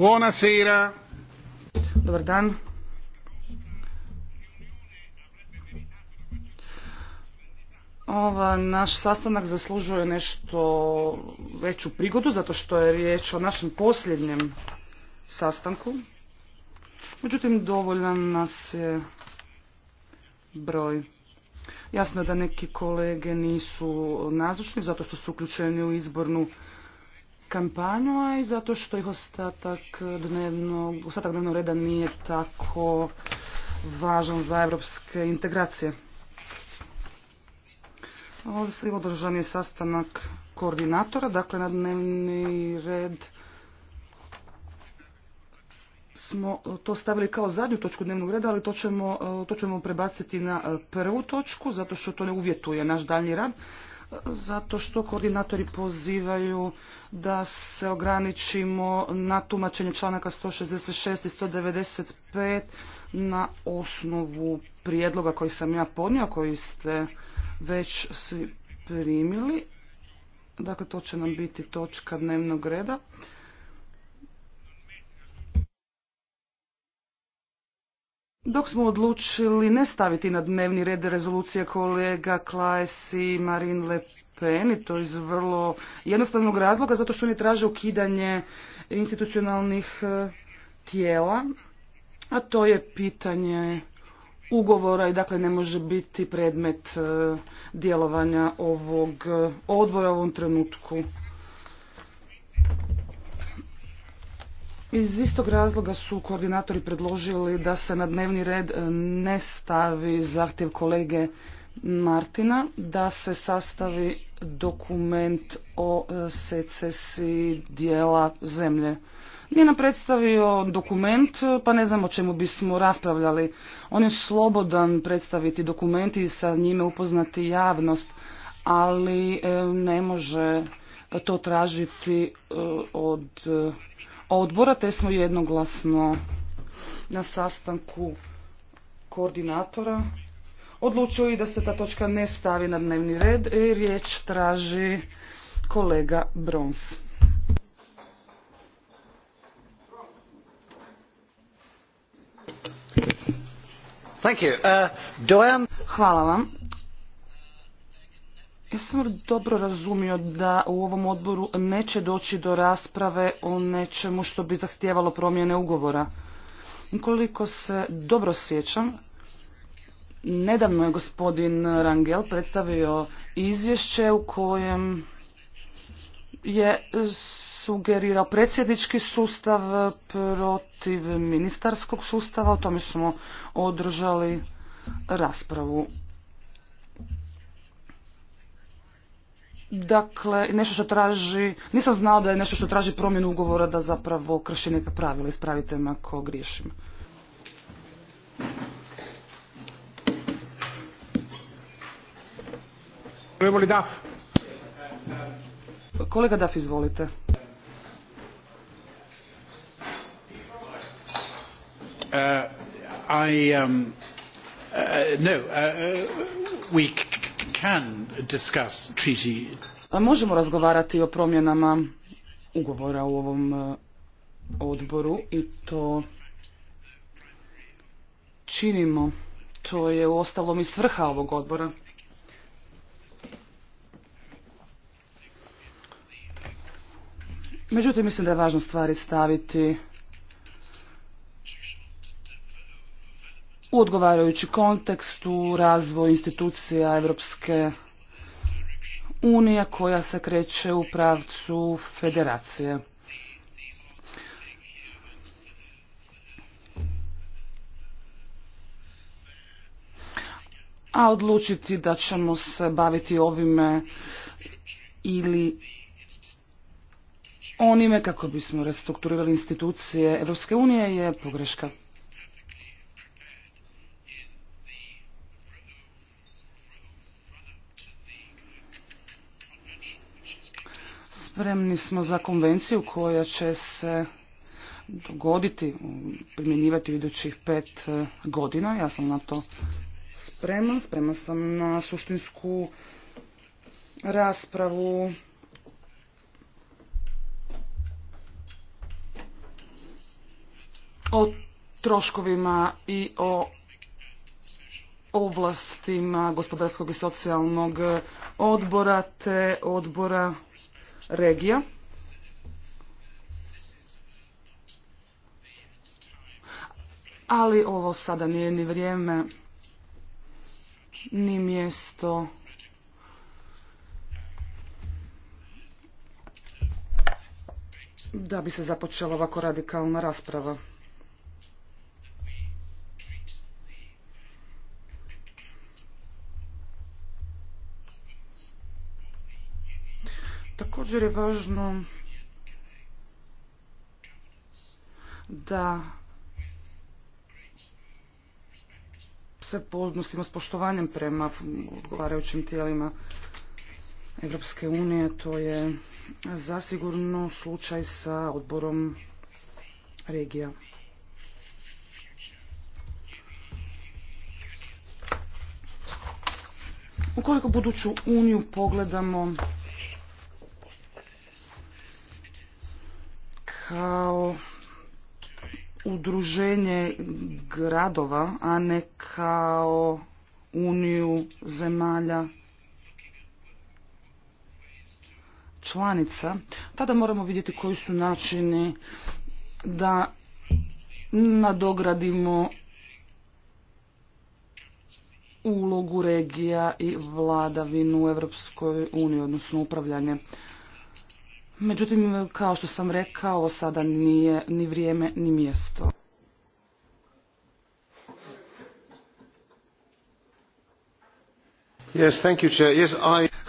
Buonasera. Dobar dan. Ova, naš sastanak zaslužuje nešto veću prigodu, zato što je riječ o našem posljednjem sastanku. Međutim, dovoljan nas je broj. Jasno je da neki kolege nisu nazočni, zato što su uključeni u izbornu kampanju, a i zato što ih ostatak dnevnog, ostatak dnevnog reda nije tako važan za evropske integracije. Ovdje se održan je sastanak koordinatora, dakle na dnevni red smo to stavili kao zadnju točku dnevnog reda, ali to ćemo, to ćemo prebaciti na prvu točku, zato što to ne uvjetuje naš daljnji rad zato što koordinatori pozivaju da se ograničimo na tumačenje članaka 166 i 195 na osnovu prijedloga koji sam ja podnio, koji ste već svi primili. Dakle, to će nam biti točka dnevnog reda. Dok smo odlučili ne staviti na dnevni red rezolucije kolega Klajs i Marine Le Pen i to iz vrlo jednostavnog razloga zato što oni traže ukidanje institucionalnih e, tijela, a to je pitanje ugovora i dakle ne može biti predmet e, djelovanja ovog e, odvora u ovom trenutku. Iz istog razloga su koordinatori predložili da se na dnevni red e, ne stavi zahtjev kolege Martina da se sastavi dokument o e, secesiji dijela zemlje. Nije nam predstavio dokument, pa ne znam o čemu bismo raspravljali. On je slobodan predstaviti dokument i sa njime upoznati javnost, ali e, ne može to tražiti od odbora, te smo jednoglasno na sastanku koordinatora odlučili da se ta točka ne stavi na dnevni red i riječ traži kolega Brons. Uh, Hvala vam. Ja sam dobro razumio da u ovom odboru neće doći do rasprave o nečemu što bi zahtijevalo promjene ugovora? Koliko se dobro sjećam, nedavno je gospodin Rangel predstavio izvješće u kojem je sugerirao predsjednički sustav protiv ministarskog sustava. O tome smo održali raspravu. Dakle, nešto što traži, nisam znao da je nešto što traži promjenu ugovora da zapravo krši neka pravila, ispravite me ako griješim. Kolega Daf, izvolite. Uh, I, um, uh, no, uh, uh can Možemo razgovarati o promjenama ugovora u ovom e, odboru i to činimo. To je uostalom i svrha ovog odbora. Međutim, mislim da je važno stvari staviti u odgovarajući kontekst u razvoj institucija Evropske unije koja se kreće u pravcu federacije. A odlučiti da ćemo se baviti ovime ili onime kako bismo restrukturirali institucije Evropske unije je pogreška. Spremni smo za konvenciju koja će se dogoditi, primjenjivati u idućih pet e, godina. Ja sam na to spreman. Spreman sam na suštinsku raspravu. O troškovima i o ovlastima gospodarskog i socijalnog odbora te odbora regija. Ali ovo sada nije ni vrijeme, ni mjesto. Da bi se započela ovako radikalna rasprava. Također je važno da se podnosimo s poštovanjem prema odgovarajućim tijelima Evropske unije. To je zasigurno slučaj sa odborom regija. Ukoliko buduću uniju pogledamo kao udruženje gradova, a ne kao uniju zemalja članica, tada moramo vidjeti koji su načini da nadogradimo ulogu regija i vladavinu u Europskoj odnosno upravljanje Međutim, kao što sam rekao, sada nije ni vrijeme ni mjesto.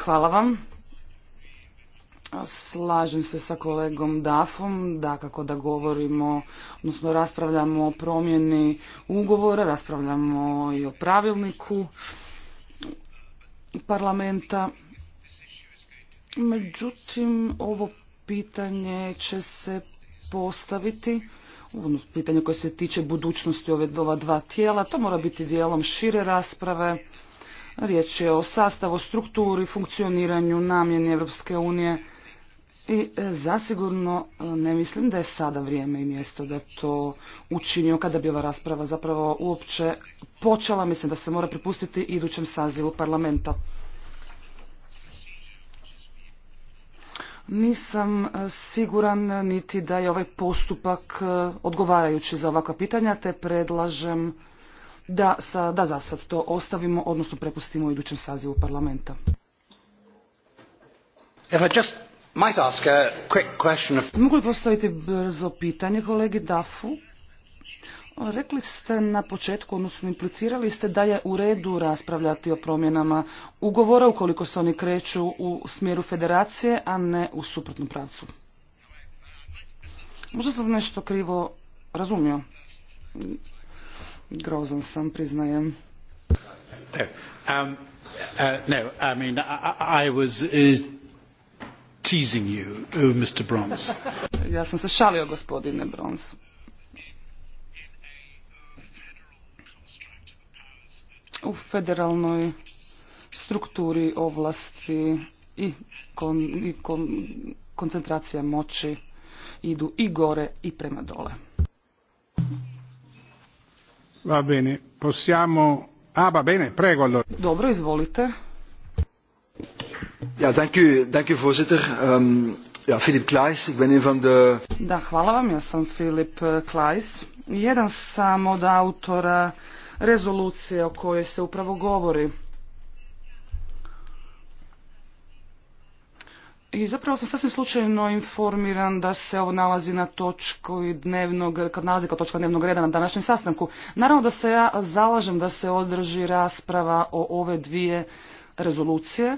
Hvala vam. Slažem se sa kolegom Dafom, da kako da govorimo, odnosno raspravljamo o promjeni ugovora, raspravljamo i o pravilniku parlamenta. Međutim, ovo pitanje će se postaviti, ono, pitanje koje se tiče budućnosti ove ova dva tijela, to mora biti dijelom šire rasprave. Riječ je o sastavu, strukturi, funkcioniranju, namjeni Europske unije i e, zasigurno e, ne mislim da je sada vrijeme i mjesto da to učinio kada bi ova rasprava zapravo uopće počela. Mislim da se mora pripustiti idućem sazivu parlamenta. Nisam e, siguran niti da je ovaj postupak e, odgovarajući za ovakva pitanja, te predlažem da, za sad to ostavimo, odnosno prepustimo u idućem sazivu parlamenta. I Mogu li postaviti brzo pitanje kolegi Dafu? Rekli ste na početku, odnosno implicirali ste da je u redu raspravljati o promjenama ugovora ukoliko se oni kreću u smjeru federacije, a ne u suprotnu pravcu. Možda sam nešto krivo razumio. Grozan sam, priznajem. teasing you, uh, Mr. ja sam se šalio, gospodine Bronze. u federalnoj strukturi ovlasti i, kon, i kon, koncentracija moći idu i gore i prema dole. Va bene, possiamo... A, ah, va bene, prego allora. Dobro, izvolite. Ja, dank u, voorzitter. Um, ja, Filip Klajs, ik ben van de... Da, hvala vam, ja sam Filip kleis Jedan sam od autora rezolucije o kojoj se upravo govori. I zapravo sam sasvim slučajno informiran da se ovo nalazi na točku dnevnog, kad nalazi kao točka dnevnog reda na današnjem sastanku. Naravno da se ja zalažem da se održi rasprava o ove dvije rezolucije.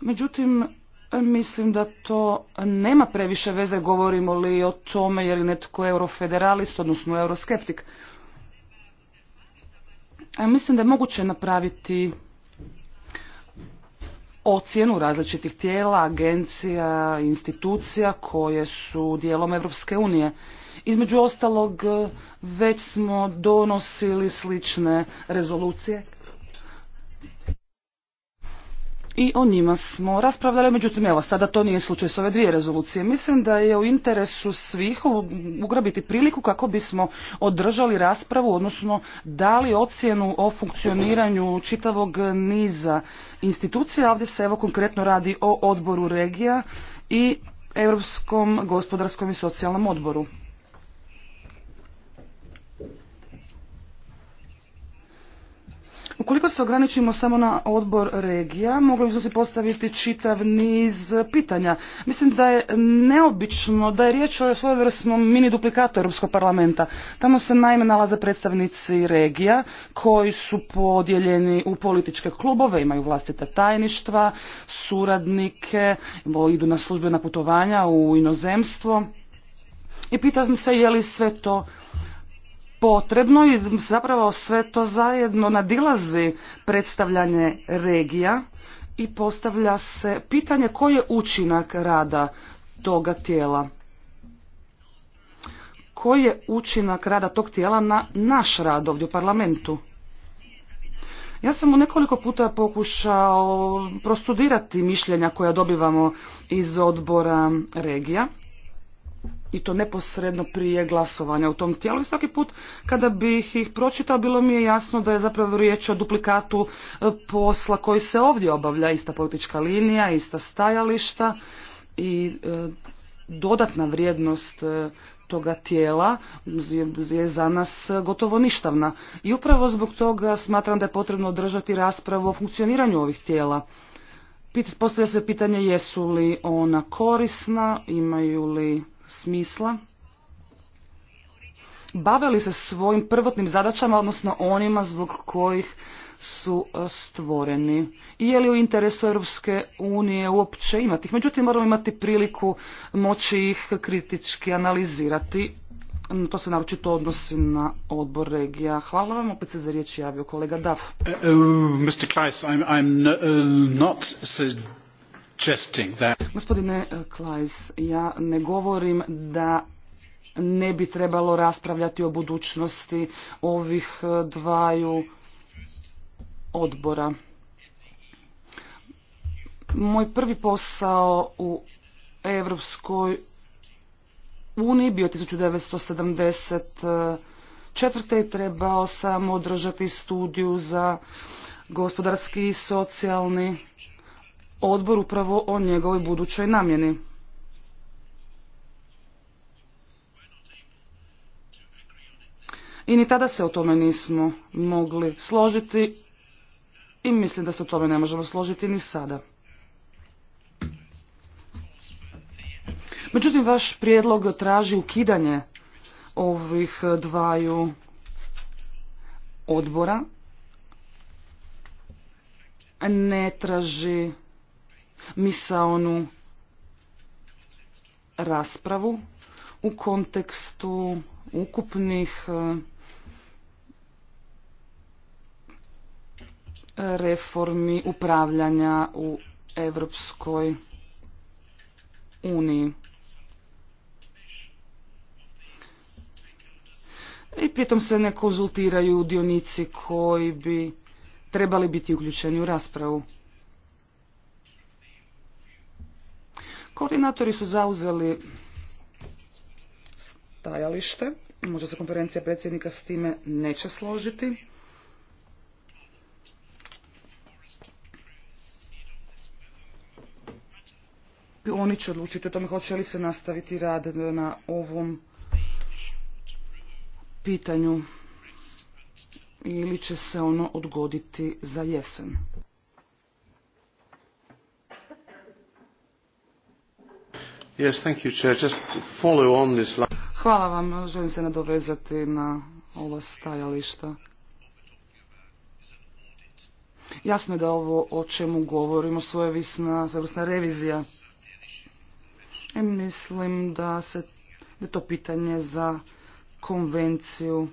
Međutim, mislim da to nema previše veze govorimo li o tome je li netko eurofederalist, odnosno euroskeptik. Mislim da je moguće napraviti ocjenu različitih tijela, agencija, institucija koje su dijelom Europske unije. Između ostalog, već smo donosili slične rezolucije i o njima smo raspravljali, međutim evo sada to nije slučaj s ove dvije rezolucije. Mislim da je u interesu svih ugrabiti priliku kako bismo održali raspravu, odnosno dali ocjenu o funkcioniranju čitavog niza institucija. Ovdje se evo konkretno radi o odboru regija i Europskom gospodarskom i socijalnom odboru. Ukoliko se ograničimo samo na odbor regija, mogli bi se postaviti čitav niz pitanja. Mislim da je neobično da je riječ o svojevrsnom mini duplikatu Europskog parlamenta. Tamo se naime nalaze predstavnici regija koji su podijeljeni u političke klubove, imaju vlastite tajništva, suradnike, idu na službena putovanja u inozemstvo. I pitam se je li sve to potrebno i zapravo sve to zajedno nadilazi predstavljanje regija i postavlja se pitanje koji je učinak rada toga tijela. Koji je učinak rada tog tijela na naš rad ovdje u parlamentu? Ja sam u nekoliko puta pokušao prostudirati mišljenja koja dobivamo iz odbora regija i to neposredno prije glasovanja u tom tijelu i svaki put kada bih ih pročitao bilo mi je jasno da je zapravo riječ o duplikatu e, posla koji se ovdje obavlja, ista politička linija, ista stajališta i e, dodatna vrijednost e, toga tijela je za nas gotovo ništavna. I upravo zbog toga smatram da je potrebno održati raspravu o funkcioniranju ovih tijela. Postavlja se pitanje jesu li ona korisna, imaju li smisla bavili se svojim prvotnim zadaćama, odnosno onima zbog kojih su e, stvoreni. I je li u interesu Europske unije uopće imati ih? Međutim, moramo imati priliku moći ih kritički analizirati. Mm, to se naročito odnosi na odbor regija. Hvala vam, opet se za riječ javio kolega Dav. Uh, uh, Mr. Kleiss, I'm, uh, not Gospodine eh, Klajs, ja ne govorim da ne bi trebalo raspravljati o budućnosti ovih eh, dvaju odbora. Moj prvi posao u Europskoj uniji bio 1974. i trebao sam održati studiju za gospodarski i socijalni odbor upravo o njegovoj budućoj namjeni. I ni tada se o tome nismo mogli složiti i mislim da se o tome ne možemo složiti ni sada. Međutim, vaš prijedlog traži ukidanje ovih dvaju odbora. Ne traži misaonu raspravu u kontekstu ukupnih e, reformi upravljanja u Evropskoj uniji. I tom se ne konzultiraju dionici koji bi trebali biti uključeni u raspravu. Koordinatori su zauzeli stajalište. Možda se konferencija predsjednika s time neće složiti. Oni će odlučiti o tome hoće li se nastaviti rad na ovom pitanju ili će se ono odgoditi za jesen. Hvala vam, želim se nadovezati na ova stajališta. Jasno je da ovo o čemu govorimo svojevisna, revizija. I mislim da se je to pitanje za konvenciju.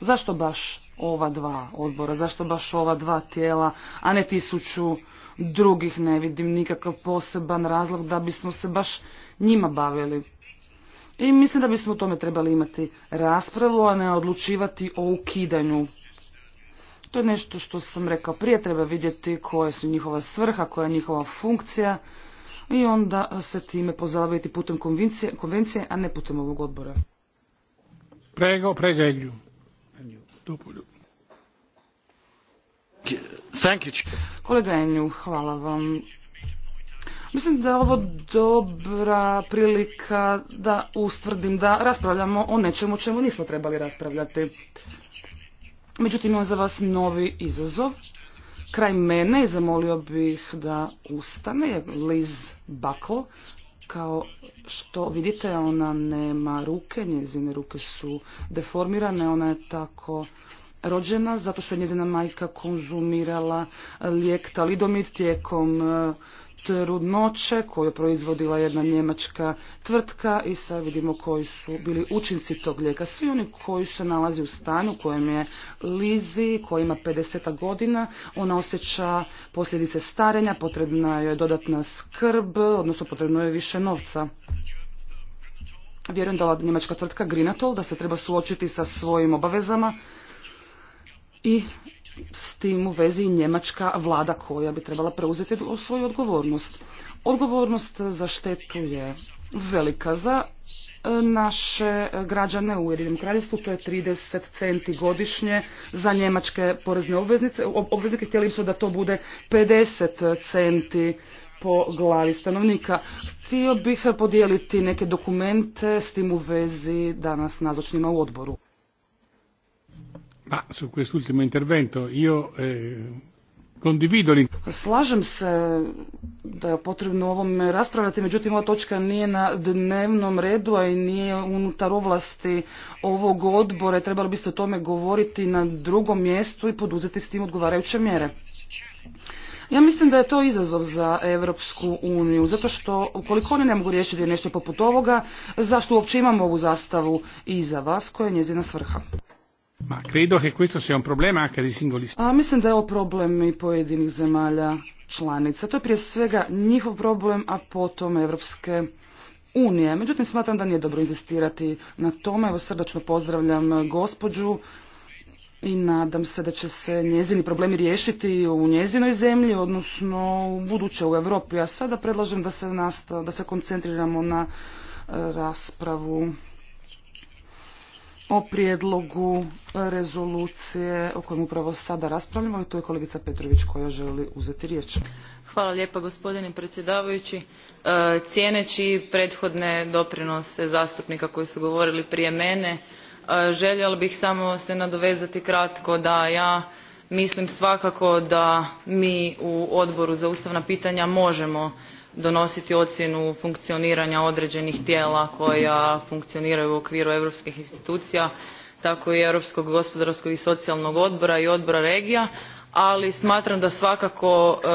Zašto baš ova dva odbora, zašto baš ova dva tijela, a ne tisuću drugih ne vidim nikakav poseban razlog da bismo se baš njima bavili. I mislim da bismo o tome trebali imati raspravu, a ne odlučivati o ukidanju. To je nešto što sam rekao prije, treba vidjeti koja su njihova svrha, koja je njihova funkcija i onda se time pozabaviti putem konvencije, a ne putem ovog odbora. Prego, prego, Kolega Enju, hvala vam. Mislim da je ovo dobra prilika da ustvrdim da raspravljamo o nečemu čemu nismo trebali raspravljati. Međutim, imam za vas novi izazov. Kraj mene zamolio bih da ustane Liz Buckle. Kao što vidite, ona nema ruke, njezine ruke su deformirane, ona je tako rođena zato što je njezina majka konzumirala lijek talidomid tijekom e, trudnoće koju je proizvodila jedna njemačka tvrtka i sad vidimo koji su bili učinci tog lijeka. Svi oni koji se nalazi u stanju u kojem je Lizi, koja ima 50 godina, ona osjeća posljedice starenja, potrebna je dodatna skrb, odnosno potrebno je više novca. Vjerujem da ova njemačka tvrtka Grinatol da se treba suočiti sa svojim obavezama i s tim u vezi njemačka vlada koja bi trebala preuzeti svoju odgovornost. Odgovornost za štetu je velika za e, naše građane u Ujedinom kraljestvu, to je 30 centi godišnje za njemačke porezne obveznice. Obveznike htjeli su da to bude 50 centi po glavi stanovnika. Htio bih podijeliti neke dokumente s tim u vezi danas nazočnima u odboru su intervento io eh, Slažem se da je potrebno o ovome raspravljati, međutim ova točka nije na dnevnom redu, a i nije unutar ovlasti ovog odbora. Trebalo biste o tome govoriti na drugom mjestu i poduzeti s tim odgovarajuće mjere. Ja mislim da je to izazov za Europsku uniju, zato što ukoliko oni ne mogu riješiti nešto poput ovoga, zašto uopće imamo ovu zastavu za vas koja je njezina svrha? Ma, credo che questo sia un problema anche dei singoli A mislim da je ovo problem i pojedinih zemalja članica. To je prije svega njihov problem, a potom Evropske unije. Međutim, smatram da nije dobro inzistirati na tome. Evo srdačno pozdravljam gospođu i nadam se da će se njezini problemi riješiti u njezinoj zemlji, odnosno u buduće u Europi. A sada predlažem da se, da se koncentriramo na e, raspravu o prijedlogu rezolucije o kojem upravo sada raspravljamo i tu je kolegica Petrović koja želi uzeti riječ. Hvala lijepa gospodine predsjedavajući. E, cijeneći prethodne doprinose zastupnika koji su govorili prije mene, e, željela bih samo se nadovezati kratko da ja mislim svakako da mi u Odboru za ustavna pitanja možemo donositi ocjenu funkcioniranja određenih tijela koja funkcioniraju u okviru europskih institucija tako i europskog gospodarskog i socijalnog odbora i odbora regija ali smatram da svakako e,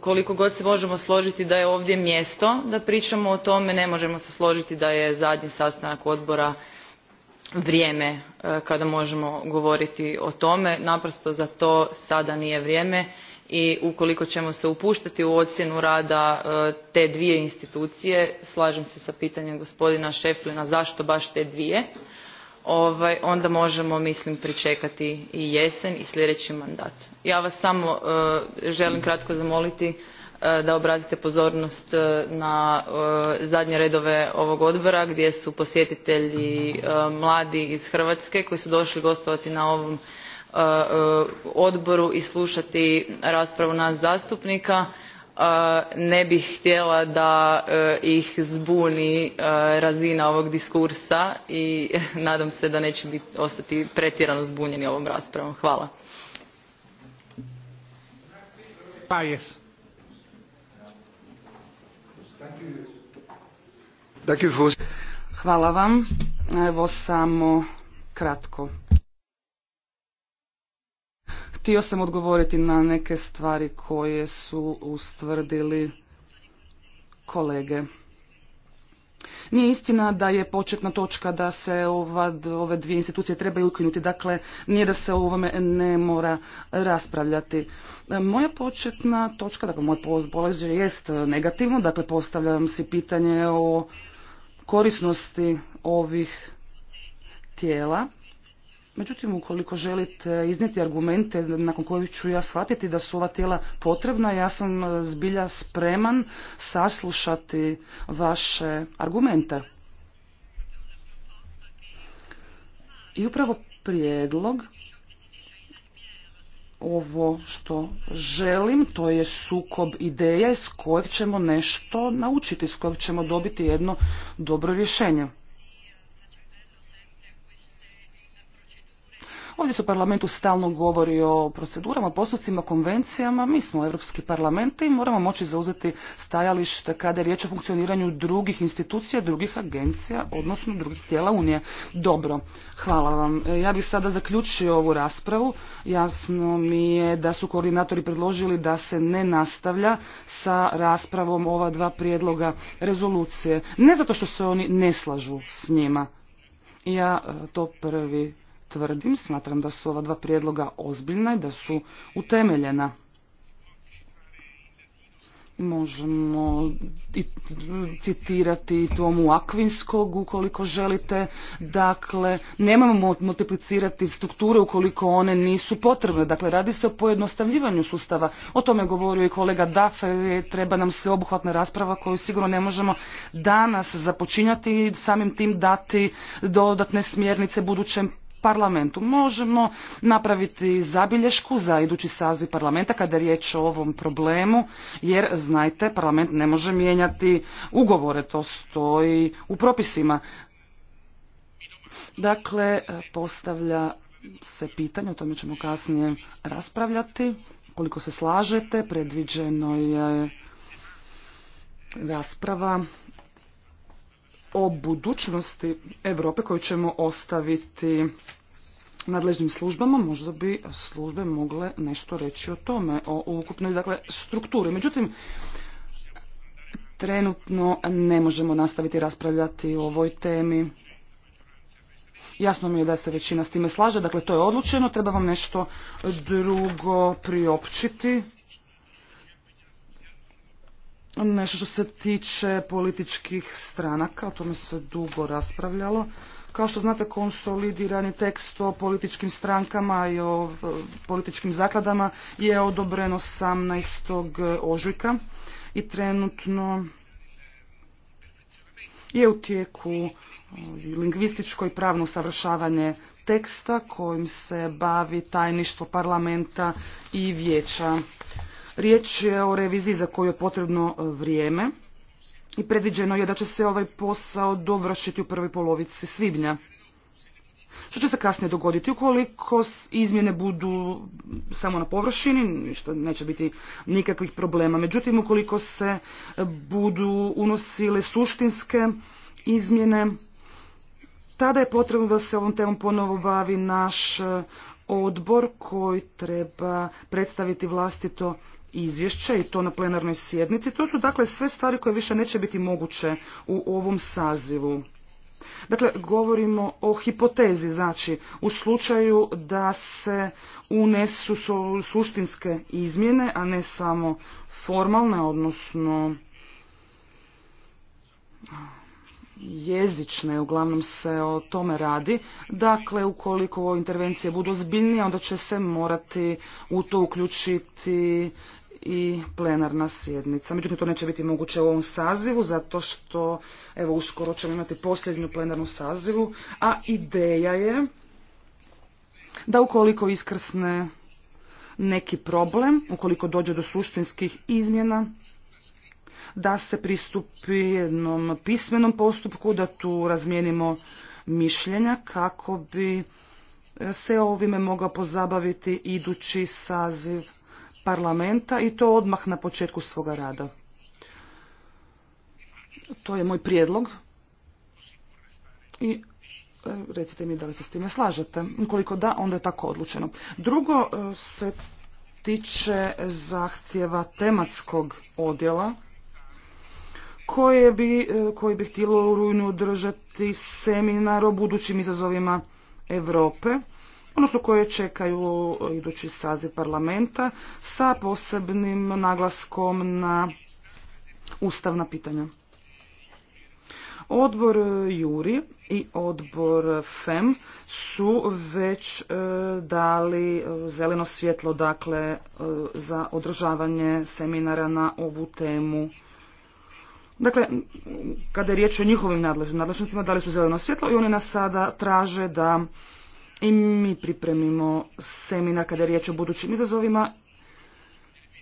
koliko god se možemo složiti da je ovdje mjesto da pričamo o tome ne možemo se složiti da je zadnji sastanak odbora vrijeme e, kada možemo govoriti o tome naprosto za to sada nije vrijeme i ukoliko ćemo se upuštati u ocjenu rada e, te dvije institucije slažem se sa pitanjem gospodina Šeflina zašto baš te dvije ovaj, onda možemo mislim pričekati i jesen i sljedeći mandat. Ja vas samo e, želim kratko zamoliti e, da obratite pozornost na zadnje redove ovog odbora gdje su posjetitelji mladi iz Hrvatske koji su došli gostovati na ovom E, e, odboru i slušati raspravu nas zastupnika e, ne bih htjela da ih zbuni razina ovog diskursa i nadam se da neće ostati pretjerano zbunjeni ovom raspravom. Hvala. Pa, Hvala vam. Evo samo kratko Htio sam odgovoriti na neke stvari koje su ustvrdili kolege. Nije istina da je početna točka da se ova, ove dvije institucije trebaju ukinuti, dakle nije da se o ovome ne mora raspravljati. E, moja početna točka, dakle moj položaj jest negativno, dakle postavljam si pitanje o korisnosti ovih tijela. Međutim, ukoliko želite iznijeti argumente nakon kojih ću ja shvatiti da su ova tijela potrebna, ja sam e, zbilja spreman saslušati vaše argumente. I upravo prijedlog ovo što želim, to je sukob ideje s kojeg ćemo nešto naučiti, s kojeg ćemo dobiti jedno dobro rješenje. Ovdje se u parlamentu stalno govori o procedurama, postupcima, konvencijama. Mi smo Europski parlament i moramo moći zauzeti stajalište kada je riječ o funkcioniranju drugih institucija, drugih agencija, odnosno drugih tijela Unije. Dobro, hvala vam. E, ja bih sada zaključio ovu raspravu. Jasno mi je da su koordinatori predložili da se ne nastavlja sa raspravom ova dva prijedloga rezolucije. Ne zato što se oni ne slažu s njima. Ja e, to prvi tvrdim, smatram da su ova dva prijedloga ozbiljna i da su utemeljena. Možemo citirati Tomu Akvinskog ukoliko želite. Dakle, nemamo multiplicirati strukture ukoliko one nisu potrebne. Dakle, radi se o pojednostavljivanju sustava. O tome je govorio i kolega Dafe. Treba nam sveobuhvatna rasprava koju sigurno ne možemo danas započinjati i samim tim dati dodatne smjernice budućem parlamentu. Možemo napraviti zabilješku za idući saziv parlamenta kada je riječ o ovom problemu, jer znajte, parlament ne može mijenjati ugovore, to stoji u propisima. Dakle, postavlja se pitanje, o tome ćemo kasnije raspravljati. Koliko se slažete, predviđeno je rasprava o budućnosti Europe koju ćemo ostaviti nadležnim službama, možda bi službe mogle nešto reći o tome, o ukupnoj dakle, strukturi. Međutim, trenutno ne možemo nastaviti raspravljati o ovoj temi. Jasno mi je da se većina s time slaže, dakle to je odlučeno, treba vam nešto drugo priopćiti. Nešto što se tiče političkih stranaka, o tome se dugo raspravljalo. Kao što znate, konsolidirani tekst o političkim strankama i o političkim zakladama je odobreno 18. ožujka i trenutno je u tijeku lingvističko i pravno savršavanje teksta kojim se bavi tajništvo parlamenta i vijeća Riječ je o reviziji za koju je potrebno e, vrijeme i predviđeno je da će se ovaj posao dovršiti u prvoj polovici svibnja. Što će se kasnije dogoditi? Ukoliko izmjene budu samo na površini, što neće biti nikakvih problema. Međutim, ukoliko se e, budu unosile suštinske izmjene, tada je potrebno da se ovom temom ponovo bavi naš e, odbor koji treba predstaviti vlastito izvješće i to na plenarnoj sjednici. To su dakle sve stvari koje više neće biti moguće u ovom sazivu. Dakle, govorimo o hipotezi, znači u slučaju da se unesu suštinske izmjene, a ne samo formalne, odnosno jezične, uglavnom se o tome radi. Dakle, ukoliko intervencije budu zbiljnije, onda će se morati u to uključiti i plenarna sjednica. Međutim, to neće biti moguće u ovom sazivu, zato što evo, uskoro ćemo imati posljednju plenarnu sazivu, a ideja je da ukoliko iskrsne neki problem, ukoliko dođe do suštinskih izmjena, da se pristupi jednom pismenom postupku, da tu razmijenimo mišljenja kako bi se ovime mogao pozabaviti idući saziv parlamenta i to odmah na početku svoga rada. To je moj prijedlog i e, recite mi da li se s time slažete. Ukoliko da, onda je tako odlučeno. Drugo e, se tiče zahtjeva tematskog odjela koje bi, e, koji bi htjelo u rujnu održati seminar o budućim izazovima Europe odnosno koje čekaju idući saziv parlamenta sa posebnim naglaskom na ustavna pitanja. Odbor Juri i odbor FEM su već e, dali e, zeleno svjetlo dakle e, za održavanje seminara na ovu temu. Dakle, kada je riječ o njihovim nadležnostima, dali su zeleno svjetlo i oni nas sada traže da i mi pripremimo semina kada je riječ o budućim izazovima.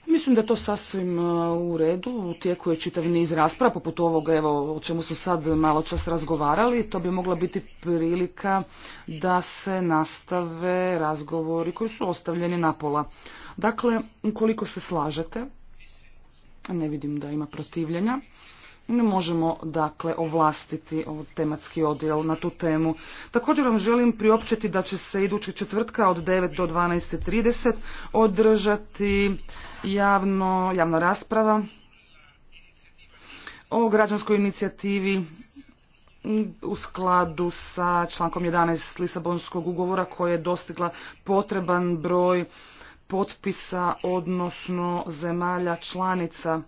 Mislim da je to sasvim u redu, u tijeku je čitav niz rasprava, poput ovoga evo, o čemu smo sad malo čas razgovarali, to bi mogla biti prilika da se nastave razgovori koji su ostavljeni na pola. Dakle, ukoliko se slažete, ne vidim da ima protivljenja, možemo dakle ovlastiti ovaj tematski odjel na tu temu. Također vam želim priopćiti da će se idući četvrtka od 9 do 12.30 održati javno, javna rasprava o građanskoj inicijativi u skladu sa člankom 11 Lisabonskog ugovora koja je dostigla potreban broj potpisa odnosno zemalja članica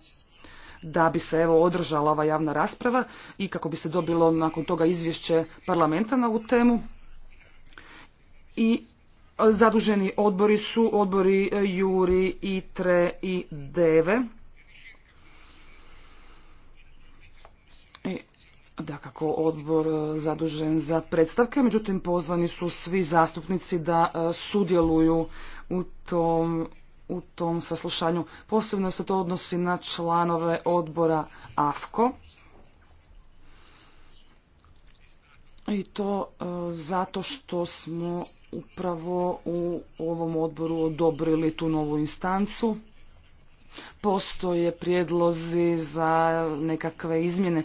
da bi se evo održala ova javna rasprava i kako bi se dobilo nakon toga izvješće parlamenta na ovu temu. I zaduženi odbori su odbori e, Juri, Itre i Deve. I, e, da kako odbor e, zadužen za predstavke, međutim pozvani su svi zastupnici da sudjeluju u tom u tom saslušanju. Posebno se to odnosi na članove odbora AFKO. I to e, zato što smo upravo u ovom odboru odobrili tu novu instancu. Postoje prijedlozi za nekakve izmjene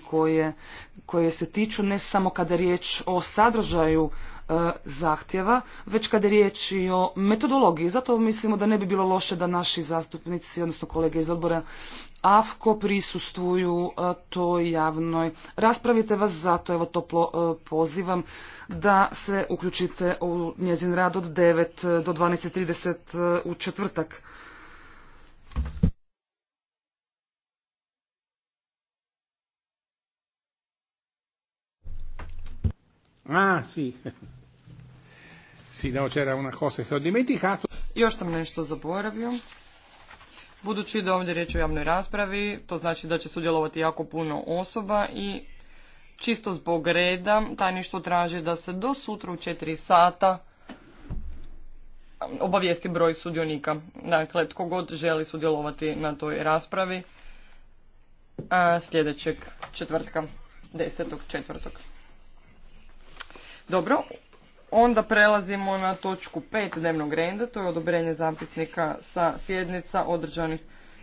koje, se tiču ne samo kada je riječ o sadržaju E, zahtjeva, već kada je riječ i o metodologiji. Zato mislimo da ne bi bilo loše da naši zastupnici, odnosno kolege iz odbora AFKO prisustuju e, toj javnoj raspravi, te vas zato evo toplo e, pozivam da se uključite u njezin rad od 9 do 12.30 u četvrtak. Ah, sì. Sì, no, una cosa che ho dimenticato. Još sam nešto zaboravio. Budući da ovdje riječ o javnoj raspravi, to znači da će sudjelovati jako puno osoba i čisto zbog reda tajništvo traži da se do sutra u 4 sata obavijesti broj sudionika. Dakle, tko god želi sudjelovati na toj raspravi a, e, sljedećeg četvrtka, desetog četvrtog. Dobro, Onda prelazimo na točku 5 dnevnog reda, to je odobrenje zapisnika sa sjednica održanih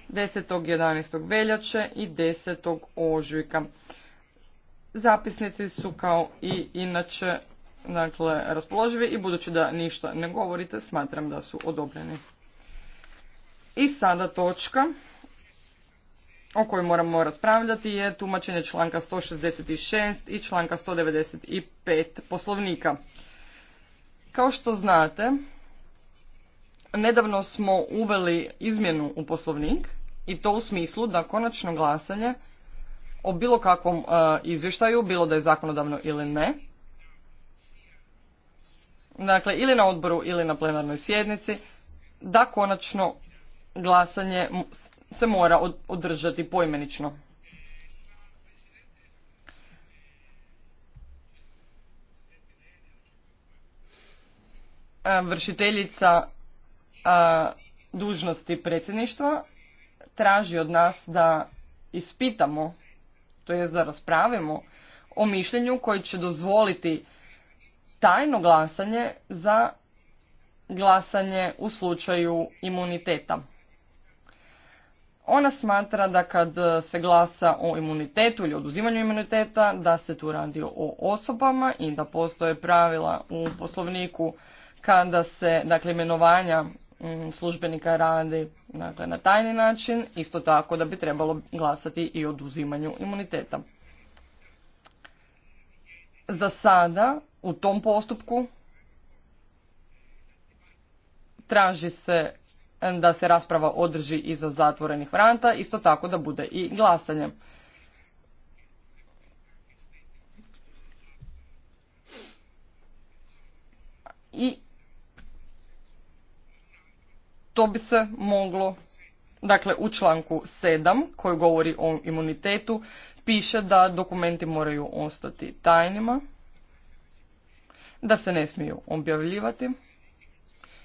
10. 11. veljače i 10. ožujka. Zapisnici su kao i inače dakle, raspoloživi i budući da ništa ne govorite, smatram da su odobreni. I sada točka o kojoj moramo raspravljati je tumačenje članka 166 i članka 195 poslovnika. Kao što znate, nedavno smo uveli izmjenu u poslovnik i to u smislu da konačno glasanje o bilo kakvom e, izvještaju, bilo da je zakonodavno ili ne, dakle ili na odboru ili na plenarnoj sjednici, da konačno glasanje se mora održati poimenično. vršiteljica dužnosti predsjedništva traži od nas da ispitamo, to jest da raspravimo o mišljenju koji će dozvoliti tajno glasanje za glasanje u slučaju imuniteta. Ona smatra da kad se glasa o imunitetu ili oduzimanju imuniteta, da se tu radi o osobama i da postoje pravila u poslovniku kada se dakle imenovanja mm, službenika radi dakle, na tajni način, isto tako da bi trebalo glasati i o oduzimanju imuniteta. Za sada u tom postupku traži se da se rasprava održi iza zatvorenih vrata, isto tako da bude i glasanje. I to bi se moglo, dakle u članku 7 koji govori o imunitetu piše da dokumenti moraju ostati tajnima, da se ne smiju objavljivati.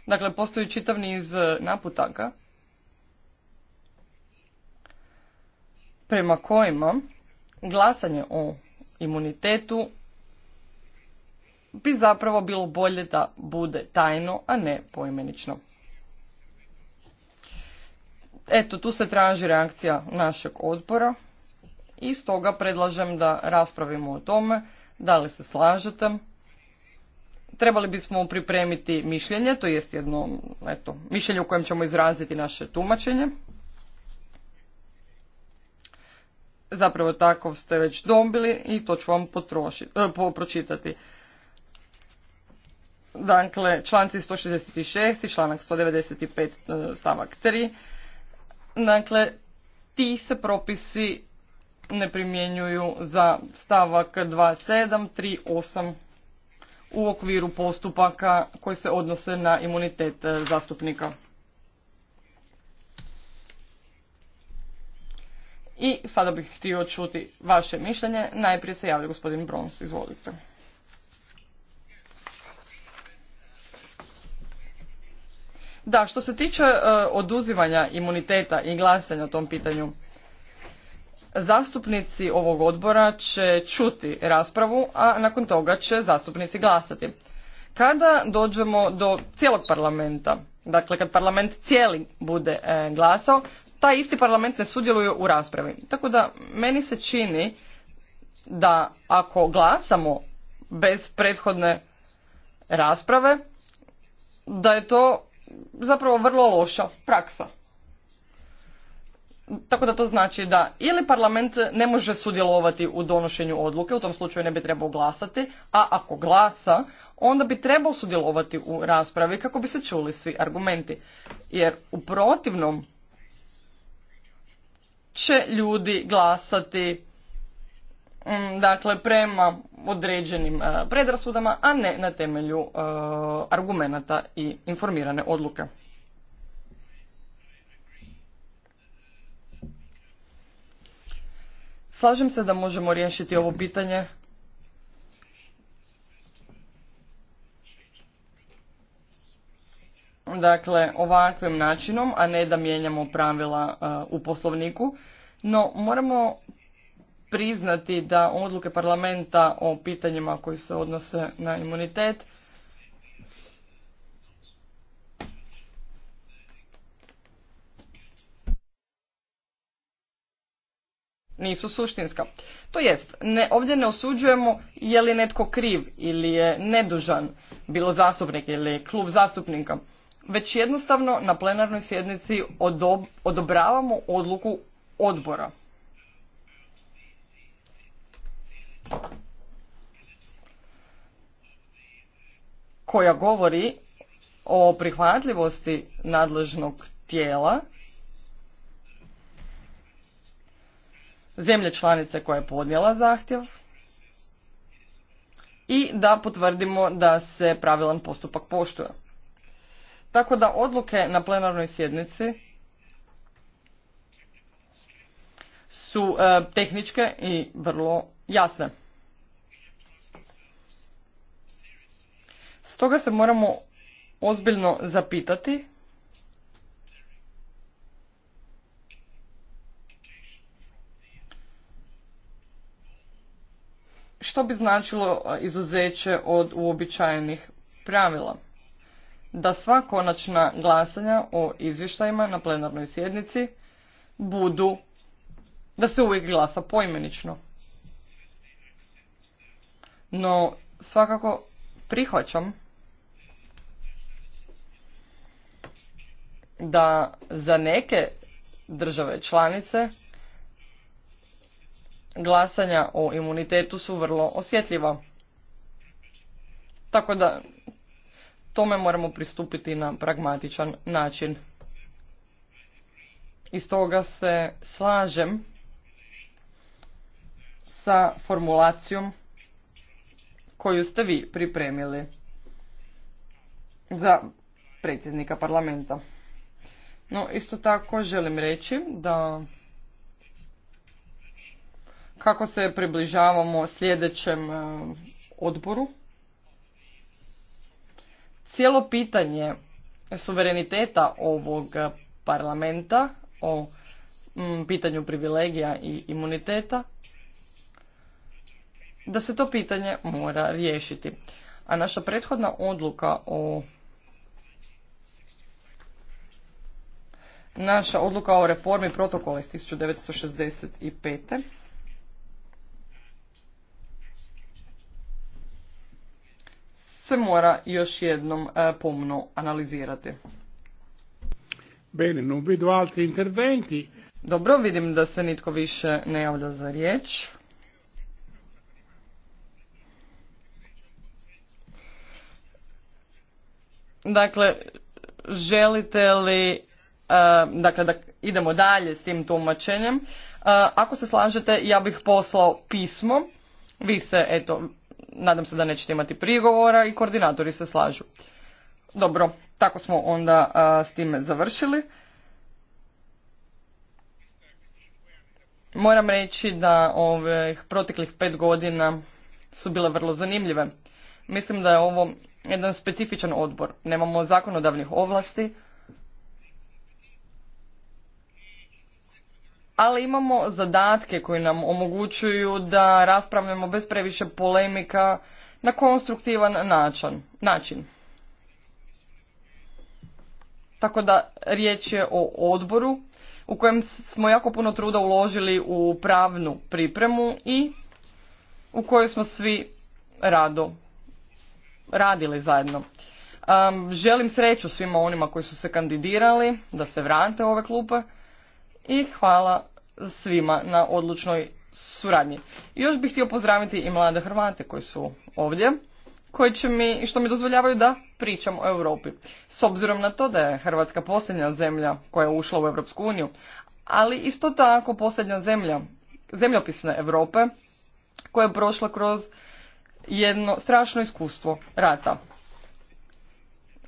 Dakle, postoji čitav niz e, naputaka prema kojima glasanje o imunitetu bi zapravo bilo bolje da bude tajno, a ne poimenično. Eto, tu se traži reakcija našeg odbora i stoga predlažem da raspravimo o tome, da li se slažete. Trebali bismo pripremiti mišljenje, to jest jedno eto, mišljenje u kojem ćemo izraziti naše tumačenje. Zapravo tako ste već dobili i to ću vam e, pročitati. Dakle, članci 166 i članak 195 e, stavak 3 Dakle, ti se propisi ne primjenjuju za stavak 2738 u okviru postupaka koji se odnose na imunitet e, zastupnika. I sada bih htio čuti vaše mišljenje. Najprije se javlja gospodin Brons. Izvolite. Da, što se tiče e, oduzimanja oduzivanja imuniteta i glasanja o tom pitanju, zastupnici ovog odbora će čuti raspravu, a nakon toga će zastupnici glasati. Kada dođemo do cijelog parlamenta, dakle kad parlament cijeli bude e, glasao, taj isti parlament ne sudjeluje u raspravi. Tako da meni se čini da ako glasamo bez prethodne rasprave, da je to zapravo vrlo loša praksa. Tako da to znači da ili parlament ne može sudjelovati u donošenju odluke, u tom slučaju ne bi trebao glasati, a ako glasa, onda bi trebao sudjelovati u raspravi kako bi se čuli svi argumenti. Jer u protivnom će ljudi glasati Mm, dakle prema određenim e, predrasudama, a ne na temelju e, argumenata i informirane odluke. Slažem se da možemo riješiti ovo pitanje dakle ovakvim načinom, a ne da mijenjamo pravila e, u poslovniku, no moramo priznati da odluke parlamenta o pitanjima koji se odnose na imunitet nisu suštinska. To jest, ne, ovdje ne osuđujemo je li netko kriv ili je nedužan, bilo zastupnik ili klub zastupnika, već jednostavno na plenarnoj sjednici odobravamo odluku odbora. koja govori o prihvatljivosti nadležnog tijela zemlje članice koja je podnijela zahtjev i da potvrdimo da se pravilan postupak poštuje. Tako da odluke na plenarnoj sjednici su e, tehničke i vrlo jasne. Stoga se moramo ozbiljno zapitati što bi značilo izuzeće od uobičajenih pravila. Da sva konačna glasanja o izvještajima na plenarnoj sjednici budu da se uvijek glasa poimenično. No, svakako prihvaćam da za neke države članice glasanja o imunitetu su vrlo osjetljiva. Tako da tome moramo pristupiti na pragmatičan način. I toga se slažem sa formulacijom koju ste vi pripremili za predsjednika parlamenta. No, isto tako želim reći da kako se približavamo sljedećem e, odboru, cijelo pitanje suvereniteta ovog parlamenta o pitanju privilegija i imuniteta da se to pitanje mora riješiti. A naša prethodna odluka o naša odluka o reformi protokola iz 1965. se mora još jednom e, pomno analizirati. Bene, non altri interventi. Dobro, vidim da se nitko više ne javlja za riječ. Dakle, želite li e, dakle da idemo dalje s tim tumačenjem. E, ako se slažete, ja bih poslao pismo. Vi se, eto, nadam se da nećete imati prigovora i koordinatori se slažu. Dobro, tako smo onda e, s time završili. Moram reći da ovih proteklih pet godina su bile vrlo zanimljive. Mislim da je ovo jedan specifičan odbor. Nemamo zakonodavnih ovlasti, ali imamo zadatke koji nam omogućuju da raspravljamo bez previše polemika na konstruktivan način. Tako da riječ je o odboru u kojem smo jako puno truda uložili u pravnu pripremu i u kojoj smo svi rado radili zajedno. Um, želim sreću svima onima koji su se kandidirali da se vrante ove klupe i hvala svima na odlučnoj suradnji. još bih htio pozdraviti i mlade Hrvate koji su ovdje, koji će mi, što mi dozvoljavaju da pričam o Europi. S obzirom na to da je Hrvatska posljednja zemlja koja je ušla u Europsku uniju, ali isto tako posljednja zemlja, zemljopisne Europe, koja je prošla kroz jedno strašno iskustvo rata.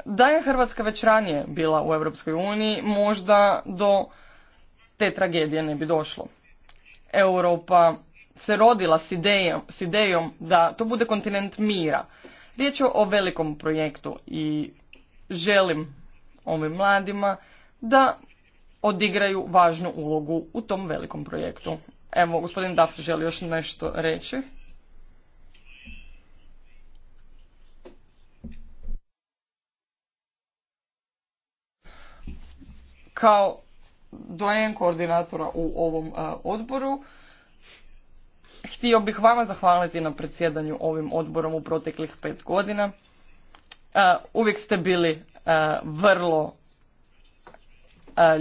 Da je Hrvatska već ranije bila u Europskoj uniji, možda do te tragedije ne bi došlo. Europa se rodila s idejom, s idejom da to bude kontinent mira. Riječ je o velikom projektu i želim ovim mladima da odigraju važnu ulogu u tom velikom projektu. Evo, gospodin Daf želi još nešto reći. kao dojen koordinatora u ovom e, odboru. Htio bih vama zahvaliti na predsjedanju ovim odborom u proteklih pet godina. E, uvijek ste bili e, vrlo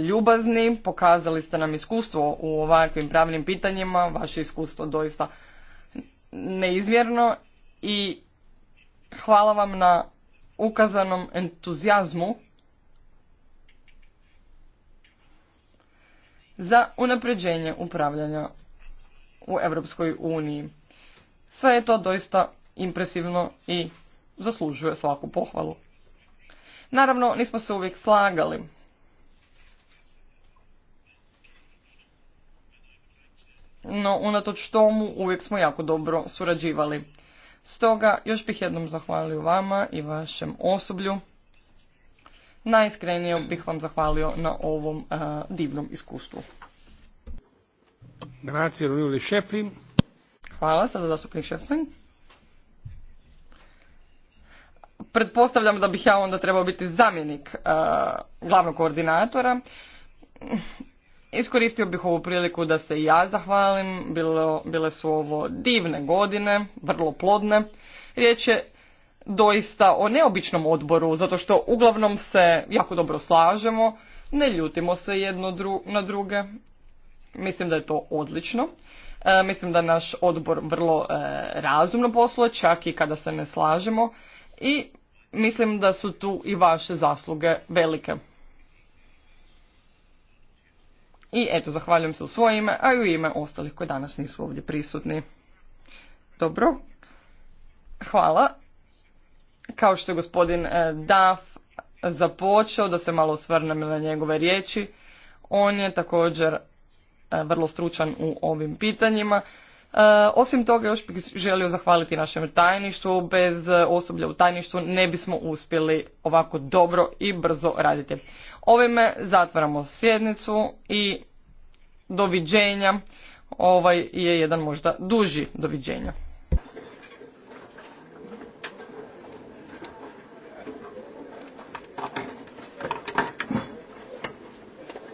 ljubazni, pokazali ste nam iskustvo u ovakvim pravnim pitanjima, vaše iskustvo doista neizmjerno i hvala vam na ukazanom entuzijazmu za unapređenje upravljanja u Europskoj uniji. Sve je to doista impresivno i zaslužuje svaku pohvalu. Naravno, nismo se uvijek slagali. No, unatoč tomu uvijek smo jako dobro surađivali. Stoga, još bih jednom zahvalio vama i vašem osoblju najiskrenije bih vam zahvalio na ovom eh, divnom iskustvu. Grazie, Hvala, sada zastupnik Pretpostavljam da bih ja onda trebao biti zamjenik eh, glavnog koordinatora. Iskoristio bih ovu priliku da se i ja zahvalim. Bilo, bile su ovo divne godine, vrlo plodne. Riječ je doista o neobičnom odboru, zato što uglavnom se jako dobro slažemo, ne ljutimo se jedno na druge. Mislim da je to odlično. E, mislim da naš odbor vrlo e, razumno posluje, čak i kada se ne slažemo. I mislim da su tu i vaše zasluge velike. I eto, zahvaljujem se u svoje ime, a i u ime ostalih koji danas nisu ovdje prisutni. Dobro. Hvala. Kao što je gospodin e, Daf započeo, da se malo osvrnem na njegove riječi, on je također e, vrlo stručan u ovim pitanjima. E, osim toga još bih želio zahvaliti našem tajništvu. Bez osoblja u tajništvu ne bismo uspjeli ovako dobro i brzo raditi. Ovime zatvaramo sjednicu i doviđenja. Ovaj je jedan možda duži doviđenja.